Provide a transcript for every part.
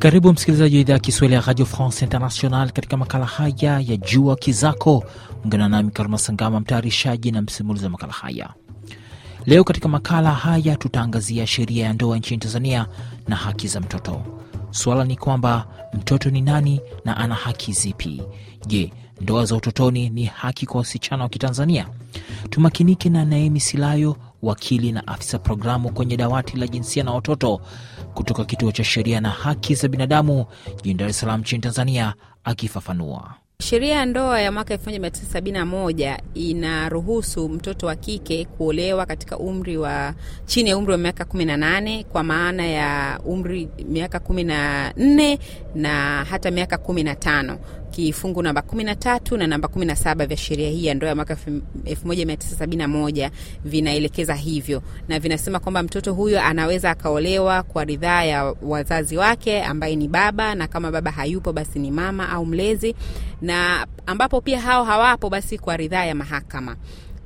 Karibu msikilizaji wa idhaa ya Kiswahili ya Radio France International katika makala haya ya Jua Kizako. Ungana nami Karuma Sangama, mtayarishaji na msimulizi wa makala haya. Leo katika makala haya tutaangazia sheria ya ndoa nchini Tanzania na haki za mtoto. Suala ni kwamba mtoto ni nani na ana haki zipi? Je, ndoa za utotoni ni haki kwa wasichana wa Kitanzania? Tumakinike na Naemi Silayo wakili na afisa programu kwenye dawati la jinsia na watoto kutoka kituo cha sheria na haki za binadamu jijini Dar es Salaam nchini Tanzania, akifafanua. Sheria ya ndoa ya mwaka 1971 inaruhusu mtoto wa kike kuolewa katika umri wa chini ya umri wa miaka 18, kwa maana ya umri miaka 14 na hata miaka 15 kifungu namba 13 na namba 17 vya sheria hii ya ndoa ya mwaka 1971 vinaelekeza hivyo, na vinasema kwamba mtoto huyo anaweza akaolewa kwa ridhaa ya wazazi wake ambaye ni baba, na kama baba hayupo basi ni mama au mlezi, na ambapo pia hao hawapo basi kwa ridhaa ya mahakama.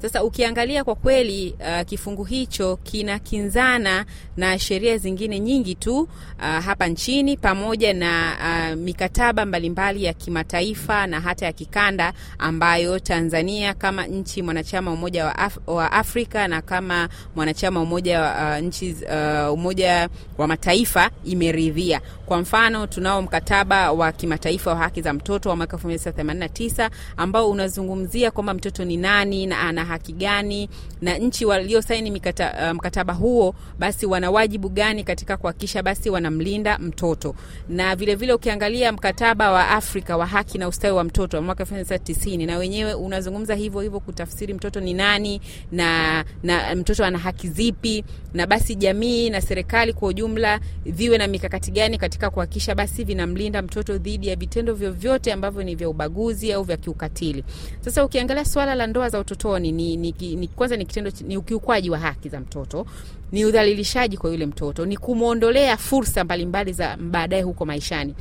Sasa ukiangalia kwa kweli, uh, kifungu hicho kinakinzana na sheria zingine nyingi tu uh, hapa nchini pamoja na uh, mikataba mbalimbali ya kimataifa na hata ya kikanda ambayo Tanzania kama nchi mwanachama Umoja wa, Af wa Afrika na kama mwanachama umoja wa, uh, nchi, uh, Umoja wa Mataifa imeridhia. Kwa mfano, tunao mkataba wa kimataifa wa haki za mtoto wa mwaka 1989 ambao unazungumzia kwamba mtoto ni nani na ana haki gani na nchi waliosaini mkata, uh, eh, mkataba huo basi wana wajibu gani katika kuhakikisha basi wanamlinda mtoto. Na vilevile vile ukiangalia mkataba wa Afrika wa haki na ustawi wa mtoto wa mwaka 1990 na wenyewe unazungumza hivyo hivyo kutafsiri mtoto ni nani na, na mtoto ana haki zipi, na basi jamii na serikali kwa ujumla viwe na mikakati gani katika kuhakikisha basi vinamlinda mtoto dhidi ya vitendo vyovyote ambavyo ni vya ubaguzi au vya kiukatili. Sasa ukiangalia swala la ndoa za utotoni ni, ni, ni, kwanza ni kitendo ni ukiukwaji wa haki za mtoto, ni udhalilishaji kwa yule mtoto, ni kumwondolea fursa mbalimbali mbali za baadaye huko maishani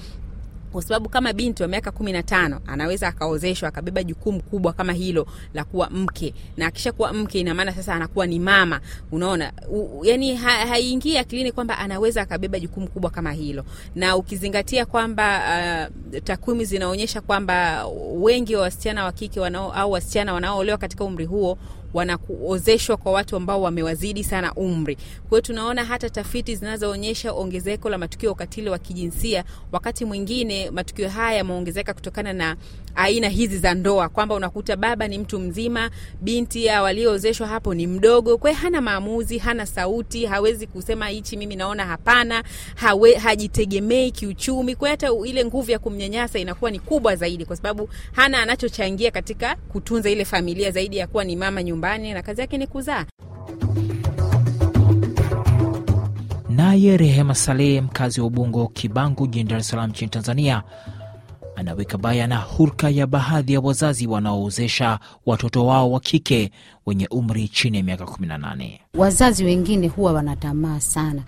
kwa sababu kama binti wa miaka kumi na tano anaweza akaozeshwa akabeba jukumu kubwa kama hilo la kuwa mke, na akishakuwa mke, ina maana sasa anakuwa ni mama. Unaona yani ha, haingii akilini kwamba anaweza akabeba jukumu kubwa kama hilo, na ukizingatia kwamba uh, takwimu zinaonyesha kwamba wengi wa wasichana wa kike wanao, au wasichana wanaoolewa katika umri huo wanakuozeshwa kwa watu ambao wamewazidi sana umri. Kwa hiyo tunaona hata tafiti zinazoonyesha ongezeko la matukio ya ukatili wa kijinsia, wakati mwingine matukio haya yameongezeka kutokana na aina hizi za ndoa, kwamba unakuta baba ni mtu mzima, binti ya walioozeshwa hapo ni mdogo, kwa hana maamuzi, hana sauti, hawezi kusema hichi mimi naona hapana, hawe, hajitegemei kiuchumi. Kwa hata ile nguvu ya kumnyanyasa inakuwa ni kubwa zaidi, kwa sababu hana anachochangia katika kutunza ile familia zaidi ya kuwa ni mama nyumbani nyumbani na kazi yake ni kuzaa. Naye Rehema Saleh, mkazi wa Ubungo Kibangu, jijini Dar es Salaam nchini Tanzania, anaweka bayana hulka ya baadhi ya wazazi wanaoozesha watoto wao wa kike wenye umri chini ya miaka 18. Wazazi wengine huwa wanatamaa sana,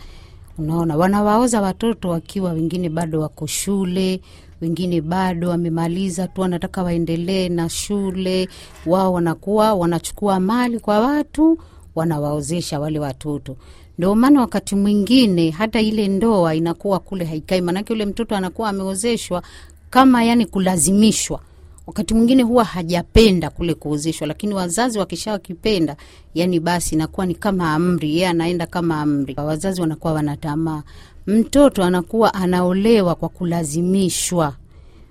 unaona, wanawaoza watoto wakiwa wengine bado wako shule, wengine bado wamemaliza tu, wanataka waendelee na shule. Wao wanakuwa wanachukua mali kwa watu, wanawaozesha wale watoto. Ndio maana wakati mwingine hata ile ndoa inakuwa kule haikai, maanake yule mtoto anakuwa ameozeshwa kama yani kulazimishwa wakati mwingine huwa hajapenda kule kuozeshwa, lakini wazazi wakisha wakipenda yani basi inakuwa ni kama amri, yeye anaenda kama amri. Wazazi wanakuwa wanatamaa mtoto anakuwa anaolewa kwa kulazimishwa,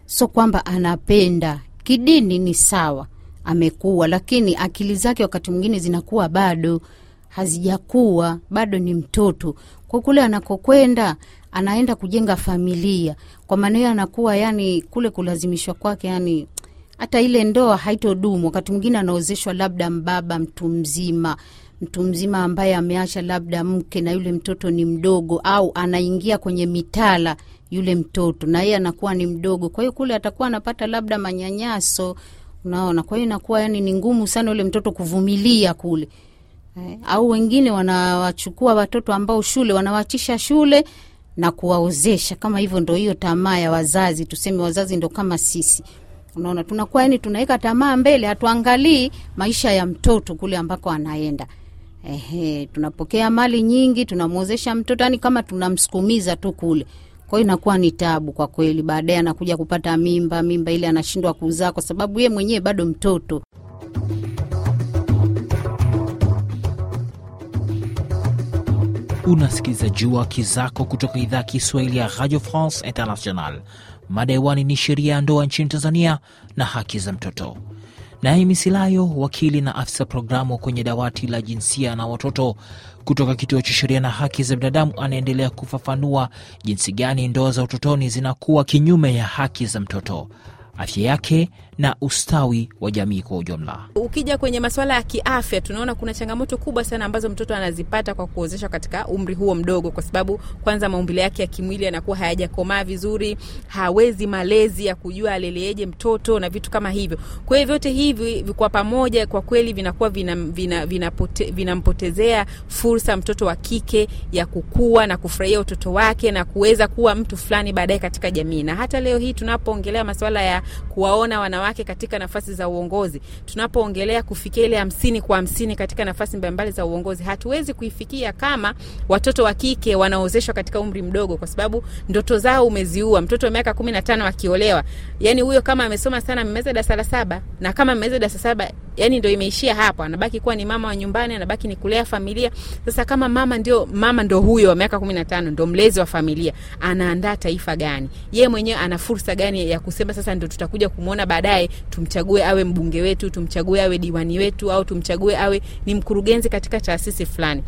so kwamba anapenda. Kidini ni sawa, amekuwa, lakini akili zake wakati mwingine zinakuwa bado hazijakuwa, bado ni mtoto. Kwa kule anakokwenda anaenda kujenga familia, kwa maana hiyo anakuwa, yani kule kulazimishwa kwake, yani hata ile ndoa haitodumu. Wakati mwingine anaozeshwa labda mbaba mtu mzima mtu mzima ambaye ameacha labda mke na yule mtoto ni mdogo, au anaingia kwenye mitala yule mtoto na yeye anakuwa ni mdogo, kwa hiyo kule atakuwa anapata labda manyanyaso, unaona. Kwa hiyo inakuwa yani ni ngumu sana yule mtoto kuvumilia kule eh. Au wengine wanawachukua watoto ambao shule wanawachisha shule na kuwaozesha kama hivyo. Ndo hiyo tamaa ya wazazi, tuseme wazazi ndo kama sisi Unaona, tunakuwa yani tunaweka tamaa mbele, hatuangalii maisha ya mtoto kule ambako anaenda. Ehe, tunapokea mali nyingi, tunamwozesha mtoto, yani kama tunamsukumiza tu kule. Kwa hiyo inakuwa ni tabu kwa kweli. Baadaye anakuja kupata mimba, mimba ile anashindwa kuzaa kwa sababu ye mwenyewe bado mtoto. Unasikiliza Jua Kizako kutoka idhaa ya Kiswahili ya Radio France International. Mada hewani ni sheria ya ndoa nchini Tanzania na haki za mtoto. Naimi Silayo, wakili na afisa programu kwenye dawati la jinsia na watoto kutoka kituo cha sheria na haki za binadamu, anaendelea kufafanua jinsi gani ndoa za utotoni zinakuwa kinyume ya haki za mtoto, afya yake na ustawi wa jamii kwa ujumla. Ukija kwenye masuala ya kiafya, tunaona kuna changamoto kubwa sana ambazo mtoto anazipata kwa kuozeshwa katika umri huo mdogo, kwa sababu kwanza maumbile yake ya kimwili yanakuwa hayajakomaa vizuri, hawezi malezi ya kujua aleleeje mtoto na vitu kama hivyo. Kwa hiyo vyote hivi kwa pamoja, kwa kweli vinakuwa vinampotezea vina, vina vina fursa mtoto wa kike ya kukua na kufurahia utoto wake na kuweza kuwa mtu fulani baadaye katika jamii. Na hata leo hii tunapoongelea masuala ya kuwaona wana wanawake katika nafasi za uongozi, tunapoongelea kufikia ile hamsini kwa hamsini katika nafasi mbalimbali za uongozi, hatuwezi kuifikia kama watoto wa kike wanaozeshwa katika umri mdogo, kwa sababu ndoto zao umeziua. Mtoto wa miaka kumi na tano akiolewa, yani huyo kama amesoma sana, mmeza darasa la saba, na kama mmeza darasa saba yani ndio imeishia hapo, anabaki kuwa ni mama wa nyumbani, anabaki ni kulea familia. Sasa kama mama ndio mama ndio huyo wa miaka 15 ndio mlezi wa familia, anaandaa taifa gani? Yeye mwenyewe ana fursa gani ya kusema sasa ndio tutakuja kumuona baadaye, tumchague awe mbunge wetu, tumchague awe diwani wetu, au tumchague awe ni mkurugenzi katika taasisi fulani?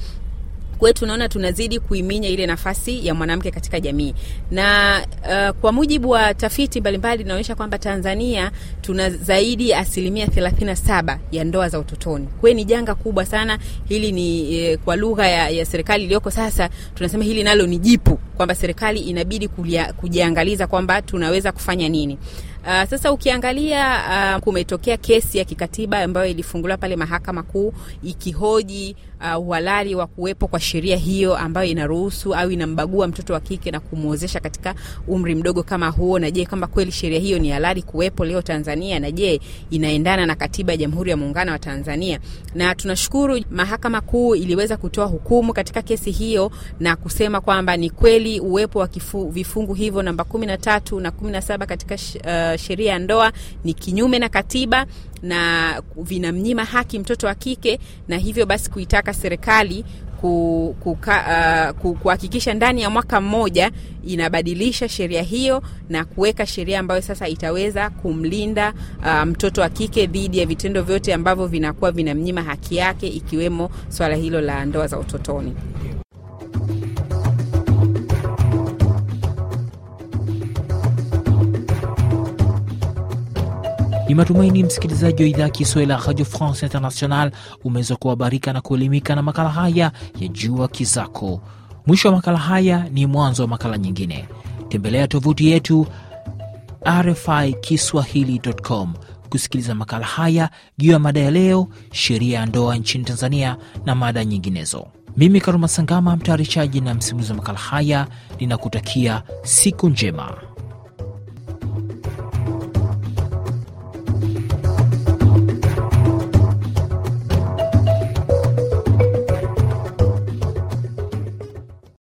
Kwa hiyo tunaona tunazidi kuiminya ile nafasi ya mwanamke katika jamii na uh, kwa mujibu wa tafiti mbalimbali inaonyesha kwamba Tanzania tuna zaidi ya asilimia 37 ya ndoa za utotoni. Kwa ni janga kubwa sana hili. Ni eh, kwa lugha ya, ya serikali iliyoko sasa tunasema hili nalo ni jipu, kwamba serikali inabidi kulia, kujiangaliza kwamba tunaweza kufanya nini. Uh, sasa ukiangalia uh, kumetokea kesi ya kikatiba ambayo ilifunguliwa pale mahakama kuu ikihoji uh, uhalali wa kuwepo kwa sheria hiyo ambayo inaruhusu au inambagua mtoto wa kike na kumwozesha katika umri mdogo kama huo, na je, kama kweli sheria hiyo ni halali kuwepo leo Tanzania, na je inaendana na katiba ya Jamhuri ya Muungano wa Tanzania. Na tunashukuru mahakama kuu iliweza kutoa hukumu katika kesi hiyo na kusema kwamba ni kweli uwepo wa kifu, vifungu hivyo namba 13 na 17 katika uh, sheria ya ndoa ni kinyume na katiba na vinamnyima haki mtoto wa kike, na hivyo basi kuitaka serikali uh, kuhakikisha uh, ndani ya mwaka mmoja inabadilisha sheria hiyo na kuweka sheria ambayo sasa itaweza kumlinda uh, mtoto wa kike dhidi ya vitendo vyote ambavyo vinakuwa vinamnyima haki yake, ikiwemo swala hilo la ndoa za utotoni. Ni matumaini msikilizaji wa idhaa ya Kiswahili ya Radio France International umeweza kuhabarika na kuelimika na makala haya ya Jua Kizako. Mwisho wa makala haya ni mwanzo wa makala nyingine. Tembelea tovuti yetu RFI kiswahilicom kusikiliza makala haya juu ya mada ya leo, sheria ya ndoa nchini Tanzania na mada nyinginezo. Mimi Karuma Sangama, mtayarishaji na msimulizi wa makala haya, ninakutakia siku njema.